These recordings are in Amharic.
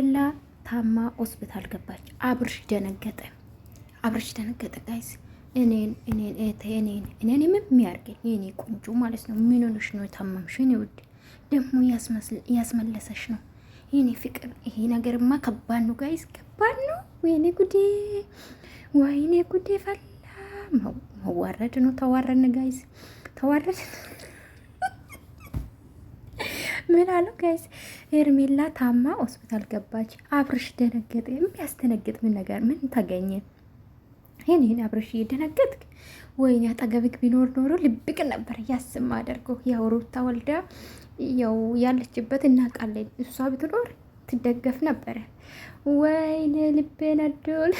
ኤላ ታማ ሆስፒታል ገባች። አብርሽ ደነገጠ። አብርሽ ደነገጠ። ጋይስ እኔን እኔን እኔን እኔን የሚያርገኝ የኔ ቆንጆ ማለት ነው። ምን ሆነሽ ነው የታመምሽ? እኔ ውድ ደግሞ ያስመለሰሽ ነው የኔ ፍቅር። ይሄ ነገርማ ከባድ ነው ጋይስ፣ ከባድ ነው። ወይኔ ጉዴ፣ ወይኔ ጉዴ ፈላ። መዋረድ ነው። ተዋረድን ጋይስ፣ ተዋረድን። ምን አለው ጋይስ፣ ሄርሜላ ታማ ሆስፒታል ገባች። አብርሽ ደነገጠ። የሚያስደነግጥ ምን ነገር ምን ተገኘ? ይህን ይህን አብርሽ እየደነገጥክ ወይኔ፣ አጠገብክ ቢኖር ኖሮ ልብቅ ነበር ያስም አደርገው። ያው ሩታ ወልዳ ያው ያለችበት እናውቃለን። እሷ ብትኖር ትደገፍ ነበረ። ወይኔ ልቤ ነዶል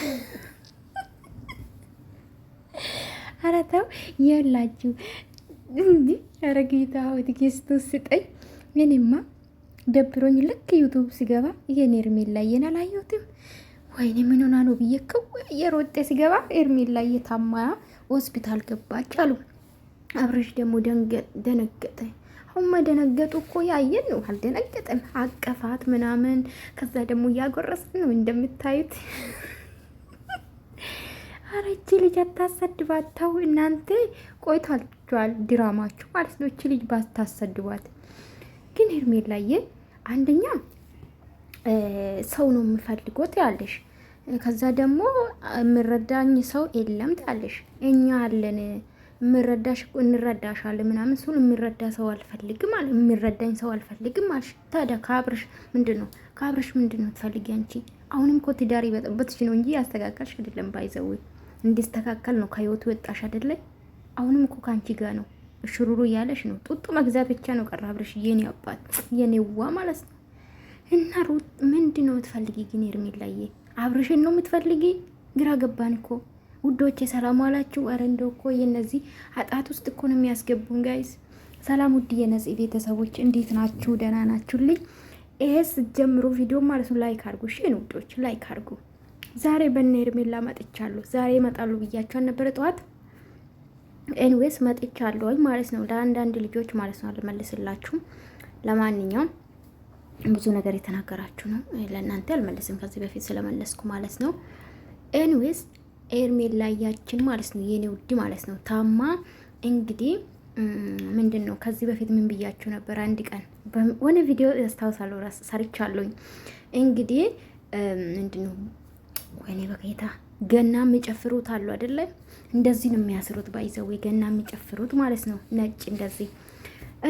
አረተው የላችሁ እንዲህ ረጌታ ሆይ ስጠኝ። እኔማ ደብሮኝ ልክ ዩቱብ ሲገባ የኔ ሄርሜላ የን አላየሁትም። ወይኔ ምን ሆና ነው ብዬ ከው የሮጤ ሲገባ ሄርሜላ የታማ ሆስፒታል ገባች አሉ። አብረሽ ደግሞ ደነገጠ። አሁን መደነገጡ እኮ ያየን ነው፣ አልደነገጠም። አቀፋት ምናምን፣ ከዛ ደግሞ እያጎረስን ነው እንደምታዩት። አረ እቺ ልጅ አታሰድባት ተው እናንተ። ቆይታችኋል ድራማችሁ ማለት ነው። እቺ ልጅ ባታሰድባት ግን ሄርሜላዬ አንደኛ ሰው ነው የምፈልጎት ያለሽ፣ ከዛ ደግሞ የምረዳኝ ሰው የለም ታለሽ። እኛ አለን የምረዳሽ እንረዳሻለን ምናምን እሱን የሚረዳ ሰው አልፈልግም አለ የሚረዳኝ ሰው አልፈልግም አልሽ። ታዲያ ከአብርሽ ምንድን ነው ከአብርሽ ምንድን ነው ትፈልጊ አንቺ? አሁንም እኮ ትዳር ይበጠበትሽ ነው እንጂ ያስተካከልሽ አይደለም። ባይዘዊ እንዲስተካከል ነው ከህይወቱ ወጣሽ አይደለም። አሁንም እኮ ከአንቺ ጋር ነው ሽሩሩ እያለሽ ነው። ጡጡ መግዛት ብቻ ነው ቀረ አብረሽ። የኔ አባት የኔዋ ማለት ነው። እና ሩት ምንድን ነው የምትፈልጊ ግን ሄርሜላዬ? አብረሽን ነው የምትፈልጊ? ግራ ገባን እኮ ውዶች። የሰላም አላችሁ? ኧረ እንደው እኮ የነዚህ አጣት ውስጥ እኮ ነው የሚያስገቡን ጋይስ። ሰላም ውድ የነጽ ቤተሰቦች እንዴት ናችሁ? ደህና ናችሁልኝ? ይሄ ስትጀምሩ ቪዲዮ ማለት ነው ላይክ አድርጉ። እሺ ውዶች ላይክ አድርጉ። ዛሬ በእነ ሄርሜላ መጥቻለሁ። ዛሬ ይመጣሉ ብያቸው አልነበረ ጠዋት ኤንዌስ መጥቻለሁኝ ማለት ነው። ለአንዳንድ ልጆች ማለት ነው። አልመልስላችሁም። ለማንኛውም ብዙ ነገር የተናገራችሁ ነው። ለእናንተ አልመልስም ከዚህ በፊት ስለመለስኩ ማለት ነው። ኤንዌስ ኤርሜላያችን ማለት ነው፣ የኔ ውድ ማለት ነው። ታማ እንግዲህ ምንድን ነው ከዚህ በፊት ምን ብያችሁ ነበር? አንድ ቀን ሆነ ቪዲዮ ያስታውሳለሁ ሰርቻለሁኝ። እንግዲህ ምንድን ነው ወይኔ በጌታ ገና የሚጨፍሩት አሉ አይደለ? እንደዚህ ነው የሚያስሩት። ባይዘው ገና የሚጨፍሩት ማለት ነው ነጭ እንደዚህ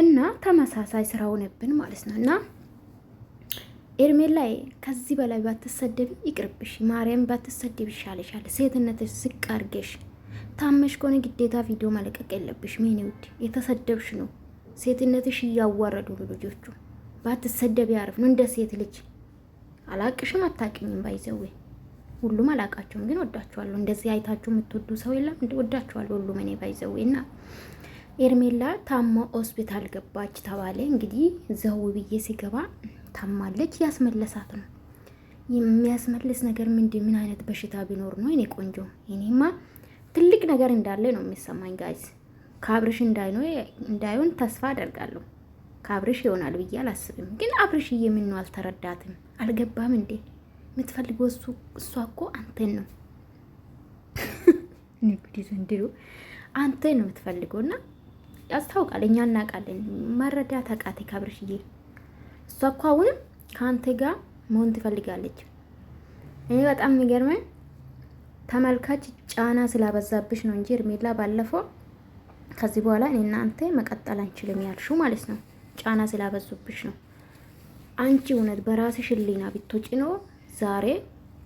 እና ተመሳሳይ ስራ ሆነብን ማለት ነው። እና ኤርሜል ላይ ከዚህ በላይ ባትሰደብ ይቅርብሽ፣ ማርያም ባትሰደብ ይሻልሻል። ሴትነትሽ ዝቅ አርገሽ ታመሽ ከሆነ ግዴታ ቪዲዮ መለቀቅ የለብሽ። ሜን ውድ የተሰደብሽ ነው። ሴትነትሽ እያዋረዱ ነው ልጆቹ። ባትሰደብ ያርፍ ነው እንደ ሴት ልጅ አላቅሽም፣ አታውቂኝም ባይዘዌ ሁሉም አላቃቸውም፣ ግን ወዳቸዋለሁ። እንደዚህ አይታችሁ የምትወዱ ሰው የለም። ወዳቸዋለሁ ሁሉም። እኔ ባይዘው እና ኤርሜላ ታማ ሆስፒታል ገባች ተባለ። እንግዲህ ዘው ብዬ ሲገባ ታማለች። ያስመለሳት ነው የሚያስመልስ ነገር ምንድ ምን አይነት በሽታ ቢኖር ነው? እኔ ቆንጆ እኔማ ትልቅ ነገር እንዳለ ነው የሚሰማኝ። ጋይዝ ከአብርሽ እንዳይሆን ተስፋ አደርጋለሁ። ከአብርሽ ይሆናል ብዬ አላስብም። ግን አብርሽ ምን ነው አልተረዳትም? አልገባም እንዴ? የምትፈልገው እሷ እኮ አንተን ነው። ንግዲ ዘንድሮ አንተ ነው የምትፈልገው እና ያስታውቃል። እኛ እናውቃለን። መረዳት አቃቴ ካብርሽዬ። እሷ እኮ አሁንም ከአንተ ጋር መሆን ትፈልጋለች። እኔ በጣም የሚገርመኝ ተመልካች ጫና ስላበዛብሽ ነው እንጂ እርሜላ ባለፈው ከዚህ በኋላ እኔ እናንተ መቀጠል አንችልም ያልሹ ማለት ነው። ጫና ስላበዙብሽ ነው። አንቺ እውነት በራስሽ ህሊና ብትወጪ ነው ዛሬ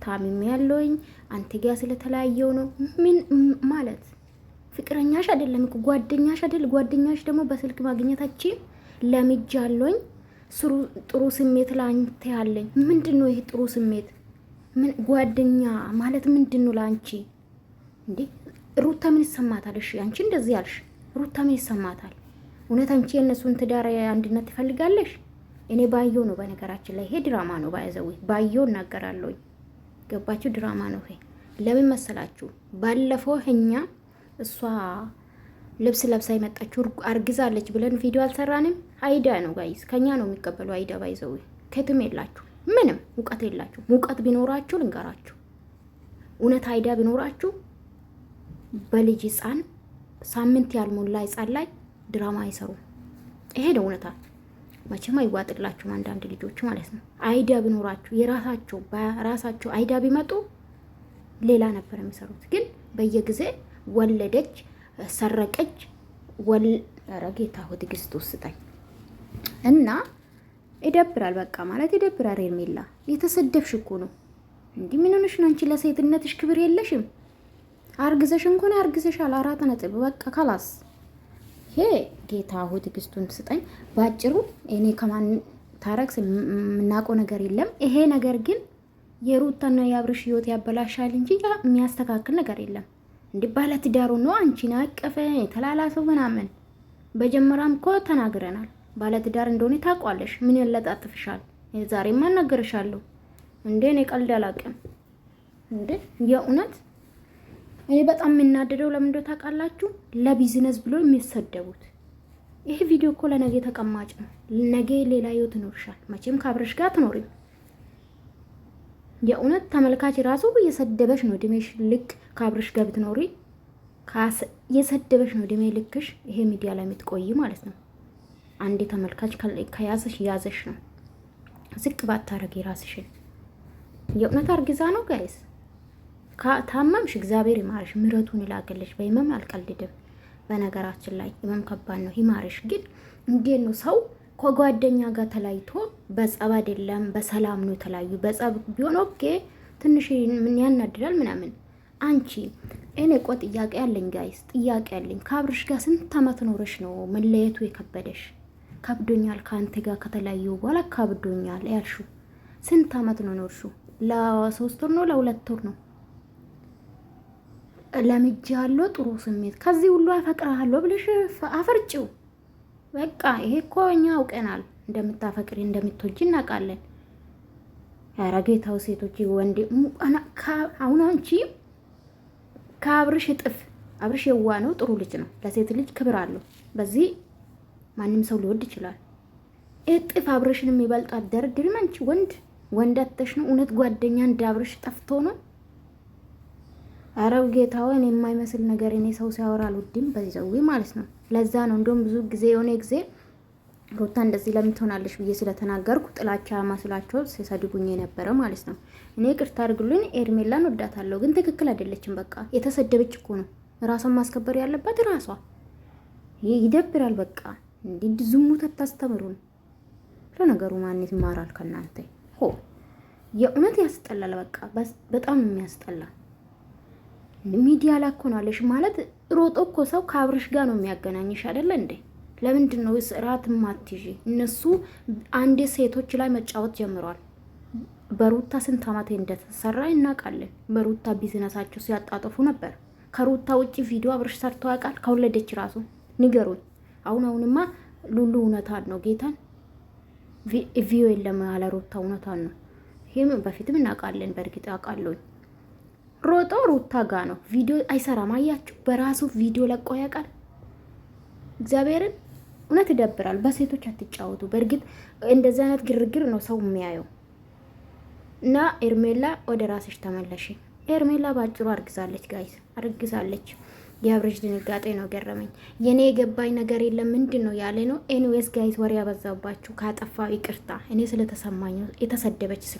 ታሚም ያለውኝ አንተ ጋ ስለተለያየው ነው። ምን ማለት ፍቅረኛሽ አይደለም እኮ ጓደኛሽ አይደል? ጓደኛሽ ደግሞ በስልክ ማግኘታችን ለምጃ አለኝ። ጥሩ ስሜት ላንተ ያለኝ ምንድን ነው? ይሄ ጥሩ ስሜት ምን ጓደኛ ማለት ምንድን ነው ላንቺ? እንዴ ሩታ ምን ይሰማታል? እሺ አንቺ እንደዚህ ያልሽ ሩታ ምን ይሰማታል? እውነት አንቺ የእነሱን ትዳር አንድነት ትፈልጋለሽ? እኔ ባየው ነው። በነገራችን ላይ ይሄ ድራማ ነው። ባያዘው ባየው እናገራለሁ። ገባችሁ? ድራማ ነው ይሄ። ለምን መሰላችሁ? ባለፈው እኛ እሷ ልብስ ለብሳ ይመጣችሁ አርግዛለች ብለን ቪዲዮ አልሰራንም። አይዳ ነው ጋይስ፣ ከኛ ነው የሚቀበሉ አይዳ። ባይዘው ከትም የላችሁ ምንም እውቀት የላችሁ። እውቀት ቢኖራችሁ ልንገራችሁ፣ እውነት አይዳ ቢኖራችሁ በልጅ ህፃን ሳምንት ያልሞላ ህፃን ላይ ድራማ አይሰሩም። ይሄ ነው እውነታ። መቼም አይዋጥላችሁም። አንዳንድ ልጆች ማለት ነው። አይዲያ ቢኖራችሁ የራሳቸው በራሳቸው አይዲያ ቢመጡ ሌላ ነበር የሚሰሩት። ግን በየጊዜ ወለደች፣ ሰረቀች፣ ረጌታ ሆት ግስት ውስጠኝ እና ይደብራል። በቃ ማለት ይደብራል። ሄርሜላ የተሰደብሽ እኮ ነው እንዲህ ምን ሆነሽ ነው አንቺ? ለሴትነትሽ ክብር የለሽም። አርግዘሽ እንኳን አርግዘሻል። አራት ነጥብ በቃ ካላስ ይሄ ጌታ ሆይ ትዕግስቱን ስጠኝ። ባጭሩ እኔ ከማን ታረቅስ የምናውቀው ነገር የለም። ይሄ ነገር ግን የሩታና የአብርሽ ህይወት ያበላሻል እንጂ የሚያስተካክል ነገር የለም። እንዲህ ባለ ትዳሩ ነው አንቺን አቀፈ የተላላሰው ምናምን። በጀመራም እኮ ተናግረናል። ባለ ትዳር እንደሆነ ታውቋለሽ። ምን ያለጣጥፍሻል? ዛሬ ማናገርሻለሁ እንዴ? እኔ ቀልድ አላውቅም እንዴ የእውነት እኔ በጣም የምናደደው ለምንዶ ታውቃላችሁ? ለቢዝነስ ብሎ የሚሰደቡት ይሄ ቪዲዮ እኮ ለነገ ተቀማጭ ነው። ነገ ሌላ ህይወት ይኖርሻል። መቼም ካብረሽ ጋር ትኖሪም። የእውነት ተመልካች ራሱ እየሰደበሽ ነው እድሜሽ ልክ ካብረሽ ጋር ብትኖሪ የሰደበሽ ነው እድሜ ልክሽ። ይሄ ሚዲያ ላይ የምትቆይ ማለት ነው። አንዴ ተመልካች ከያዘሽ ያዘሽ ነው። ዝቅ ባታረጊ ራስሽን የእውነት አርግዛ ነው ጋይስ ታመምሽ እግዚአብሔር ይማርሽ፣ ምረቱን ይላክልሽ። በህመም አልቀልድም። በነገራችን ላይ ህመም ከባድ ነው፣ ይማርሽ። ግን እንዴት ነው ሰው ከጓደኛ ጋር ተለያይቶ በጸብ አይደለም በሰላም ነው የተለያዩ። በጸብ ቢሆን ኦኬ ትንሽ ምን ያናድዳል ምናምን። አንቺ እኔ ቆ ጥያቄ ያለኝ ጋይስ፣ ጥያቄ ያለኝ ከአብርሽ ጋር ስንት ዓመት ኖረሽ ነው መለየቱ የከበደሽ? ከብዶኛል ከአንተ ጋር ከተለያዩ በኋላ ከብዶኛል ያልሹ ስንት ዓመት ነው ኖርሹ? ለሶስት ወር ነው ለሁለት ወር ነው ለምጅ ያለው ጥሩ ስሜት ከዚህ ሁሉ አፈቅርሃለሁ ብለሽ አፈርጭው። በቃ ይሄ እኮ እኛ አውቀናል እንደምታፈቅሪ እንደምትወጂ እናውቃለን። ኧረ ጌታው ሴቶች ወንድ አሁን አንቺ ከአብርሽ እጥፍ አብርሽ የዋ ነው፣ ጥሩ ልጅ ነው፣ ለሴት ልጅ ክብር አለው። በዚህ ማንም ሰው ሊወድ ይችላል። እጥፍ አብርሽን የሚበልጣት ደርድሪ። አንቺ ወንድ ወንድ አተሽ ነው እውነት ጓደኛ እንደ አብርሽ ጠፍቶ ነው አረብ ጌታውን የማይመስል ነገር እኔ ሰው ሲያወራ አልወድም ሰው ማለት ነው። ለዛ ነው እንደውም ብዙ ጊዜ የሆነ ጊዜ ሩታ እንደዚህ ለምን ብዬ ስለተናገርኩ ጥላቻ መስሏቸው ሲሰድቡኝ የነበረ ማለት ነው። እኔ ቅርታ አድርግሉኝ፣ ኤርሜላን ወዳታለሁ፣ ግን ትክክል አይደለችም። በቃ የተሰደበች እኮ ነው። ራሷን ማስከበር ያለባት ራሷ። ይደብራል። በቃ እንዲህ ዝሙት አታስተምሩን። ለነገሩ ማንት ይማራል ከእናንተ? ሆ የእውነት ያስጠላል። በቃ በጣም የሚያስጠላ ሚዲያ ላኮናለሽ ማለት ሮጦ እኮ ሰው ከአብርሽ ጋር ነው የሚያገናኝሽ አይደለ እንዴ? ለምንድን ነው ስርዓት ማትይዢ? እነሱ አንዴ ሴቶች ላይ መጫወት ጀምረዋል። በሩታ ስንት ዓመት እንደተሰራ እናውቃለን። በሩታ ቢዝነሳቸው ሲያጣጥፉ ነበር። ከሩታ ውጭ ቪዲዮ አብርሽ ሰርቶ ያውቃል? ከወለደች ራሱ ንገሩኝ። አሁን አሁንማ ሉሉ እውነታን ነው ጌታን ቪዮ የለም ያለ ሩታ እውነታን ነው። ይህም በፊትም እናውቃለን። በእርግጥ አውቃለሁኝ ሮጦ ሩታ ጋ ነው። ቪዲዮ አይሰራም። አያችሁ፣ በራሱ ቪዲዮ ለቆ ያውቃል። እግዚአብሔርን እውነት ይደብራል። በሴቶች አትጫወቱ። በእርግጥ እንደዚህ አይነት ግርግር ነው ሰው የሚያየው እና ኤርሜላ ወደ ራስሽ ተመለሽ። ኤርሜላ በአጭሩ አርግዛለች፣ ጋይስ አርግዛለች። የአብረጅ ድንጋጤ ነው ገረመኝ። የእኔ የገባኝ ነገር የለም ምንድን ነው ያለ ነው። ኤኒዌስ ጋይስ፣ ወሬ ያበዛባችሁ ካጠፋ ይቅርታ። እኔ ስለተሰማኝ የተሰደበች ስለ